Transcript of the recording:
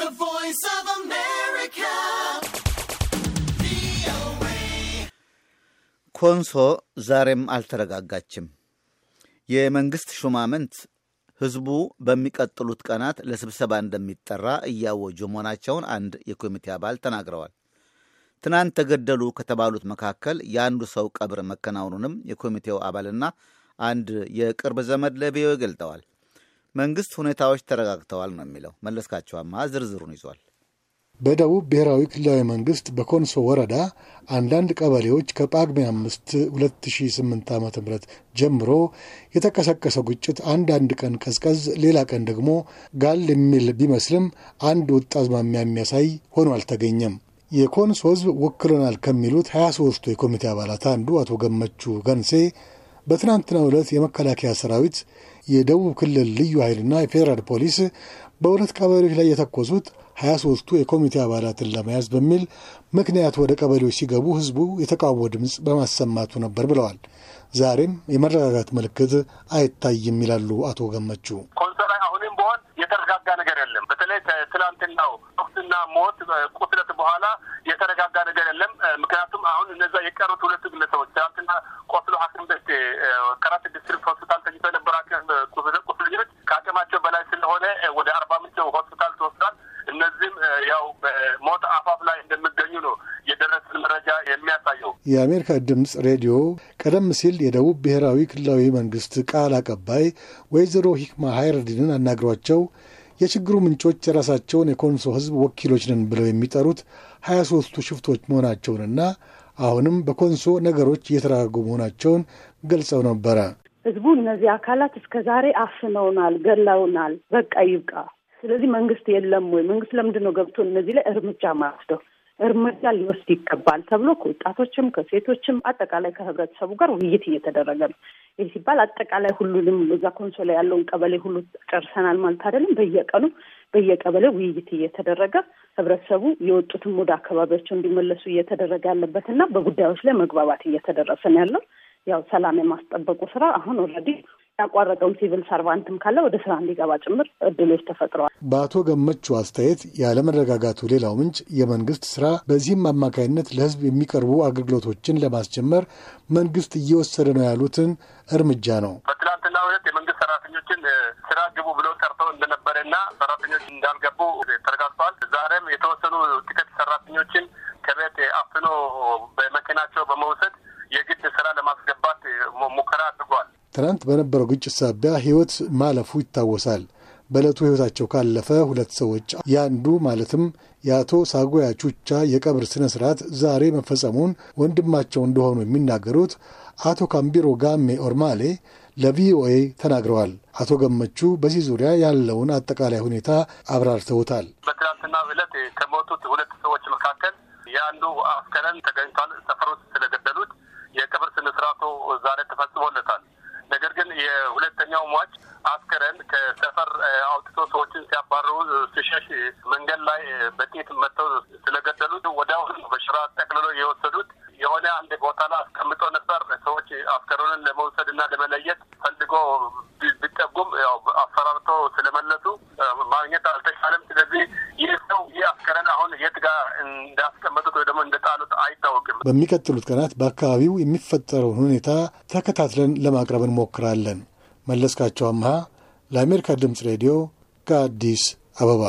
The Voice of America. ኮንሶ ዛሬም አልተረጋጋችም። የመንግሥት ሹማምንት ሕዝቡ በሚቀጥሉት ቀናት ለስብሰባ እንደሚጠራ እያወጁ መሆናቸውን አንድ የኮሚቴ አባል ተናግረዋል። ትናንት ተገደሉ ከተባሉት መካከል የአንዱ ሰው ቀብር መከናወኑንም የኮሚቴው አባልና አንድ የቅርብ ዘመድ ለቪኦኤ ገልጠዋል። መንግስት ሁኔታዎች ተረጋግተዋል ነው የሚለው። መለስካቸዋማ ዝርዝሩን ይዟል። በደቡብ ብሔራዊ ክልላዊ መንግስት በኮንሶ ወረዳ አንዳንድ ቀበሌዎች ከጳግሜ አምስት 2008 ዓ ም ጀምሮ የተቀሰቀሰው ግጭት አንዳንድ ቀን ቀዝቀዝ፣ ሌላ ቀን ደግሞ ጋል የሚል ቢመስልም አንድ ወጥ አዝማሚያ የሚያሳይ ሆኖ አልተገኘም። የኮንሶ ህዝብ ወክለናል ከሚሉት 23ቱ የኮሚቴ አባላት አንዱ አቶ ገመቹ ገንሴ በትናንትናው ዕለት የመከላከያ ሰራዊት የደቡብ ክልል ልዩ ኃይልና የፌዴራል ፖሊስ በሁለት ቀበሌዎች ላይ የተኮሱት 23ቱ የኮሚቴ አባላትን ለመያዝ በሚል ምክንያት ወደ ቀበሌዎች ሲገቡ ህዝቡ የተቃውሞ ድምፅ በማሰማቱ ነበር ብለዋል። ዛሬም የመረጋጋት ምልክት አይታይም ይላሉ አቶ ገመቹ። የተረጋጋ ነገር የለም። በተለይ ትላንትናው ወቅትና ሞት ቁስለት በኋላ የተረጋጋ ነገር የለም። ምክንያቱም አሁን እነዛ የቀሩት ሁለቱ ግለሰቦች ትላንትና ቆስሎ ሐኪም ቤት ከራት ዲስትሪክት ሆስፒታል ተኝቶ የነበረ ቁስለኞች ከአቅማቸው በላይ ስለሆነ ወደ አርባ ምንጭ ሆስፒታል ተወስዷል። እነዚህም ያው ሞት አፋፍ ላይ እንደሚ የአሜሪካ ድምፅ ሬዲዮ ቀደም ሲል የደቡብ ብሔራዊ ክልላዊ መንግስት ቃል አቀባይ ወይዘሮ ሂክማ ሃይረዲንን አናግሯቸው የችግሩ ምንጮች የራሳቸውን የኮንሶ ህዝብ ወኪሎች ነን ብለው የሚጠሩት ሀያ ሦስቱ ሽፍቶች መሆናቸውንና አሁንም በኮንሶ ነገሮች እየተረጋጉ መሆናቸውን ገልጸው ነበረ። ህዝቡ እነዚህ አካላት እስከ ዛሬ አፍነውናል፣ ገላውናል፣ በቃ ይብቃ። ስለዚህ መንግስት የለም ወይ? መንግስት ለምንድን ነው ገብቶ እነዚህ ላይ እርምጃ ማስደው እርምጃ ሊወስድ ይገባል ተብሎ ከወጣቶችም ከሴቶችም አጠቃላይ ከህብረተሰቡ ጋር ውይይት እየተደረገ ነው። ይህ ሲባል አጠቃላይ ሁሉንም እዛ ኮንሶ ላይ ያለውን ቀበሌ ሁሉ ጨርሰናል ማለት አይደለም። በየቀኑ በየቀበሌ ውይይት እየተደረገ ህብረተሰቡ የወጡትም ወደ አካባቢያቸው እንዲመለሱ እየተደረገ ያለበትና በጉዳዮች ላይ መግባባት እየተደረሰ ነው ያለው። ያው ሰላም የማስጠበቁ ስራ አሁን ኦልሬዲ ያቋረጠውም ሲቪል ሰርቫንትም ካለ ወደ ስራ እንዲገባ ጭምር እድሎች ተፈጥረዋል። በአቶ ገመቹ አስተያየት ያለመረጋጋቱ ሌላው ምንጭ የመንግስት ስራ፣ በዚህም አማካይነት ለህዝብ የሚቀርቡ አገልግሎቶችን ለማስጀመር መንግስት እየወሰደ ነው ያሉትን እርምጃ ነው። በትናንትናው ዕለት የመንግስት ሰራተኞችን ስራ ግቡ ብለው ሰርተው እንደነበረና ሰራተኞች እንዳልገቡ ተረጋግጧል። ዛሬም የተወሰኑ ጥቂት ሰራተኞችን ከቤት አፍኖ በመኪናቸው በመውሰድ የግድ ስራ ለማስገባት ሙከራ አድርጓል። ትናንት በነበረው ግጭት ሳቢያ ሕይወት ማለፉ ይታወሳል። በዕለቱ ሕይወታቸው ካለፈ ሁለት ሰዎች የአንዱ ማለትም የአቶ ሳጎያ ቹቻ የቀብር ስነ ስርዓት ዛሬ መፈጸሙን ወንድማቸው እንደሆኑ የሚናገሩት አቶ ካምቢሮ ጋሜ ኦርማሌ ለቪኦኤ ተናግረዋል። አቶ ገመቹ በዚህ ዙሪያ ያለውን አጠቃላይ ሁኔታ አብራርተውታል። በትናንትና ዕለት ከሞቱት ሁለት ሰዎች መካከል የአንዱ አስከሬን ተገኝቷል። ሰፈሮች ስለገደሉት የቀብር ስነ ስርዓቱ ዛሬ ተፈጽሞለታል። የሁለተኛው ሟች አስከረን ከሰፈር አውጥቶ ሰዎችን ሲያባረሩ ሲሸሽ መንገድ ላይ በጤት መጥተው ስለገደሉት ወዲያውኑ በሽራ ጠቅልሎ የወሰዱት የሆነ አንድ ቦታ ላይ አስቀምጦ ነበር። ሰዎች አስከረኑን ለመውሰድ እና ለመለየት ፈልጎ ቢጠጉም ያው አፈራርቶ ስለመለሱ ማግኘት አልተ የት ጋር እንዳስቀመጡት ወይ ደግሞ እንደጣሉት አይታወቅም። በሚቀጥሉት ቀናት በአካባቢው የሚፈጠረውን ሁኔታ ተከታትለን ለማቅረብ እንሞክራለን። መለስካቸው አምሃ ለአሜሪካ ድምፅ ሬዲዮ ከአዲስ አበባ